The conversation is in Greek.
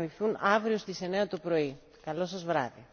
συνοηθούν αύριο στις 9 το πρωί. Καλό σας βράδυ.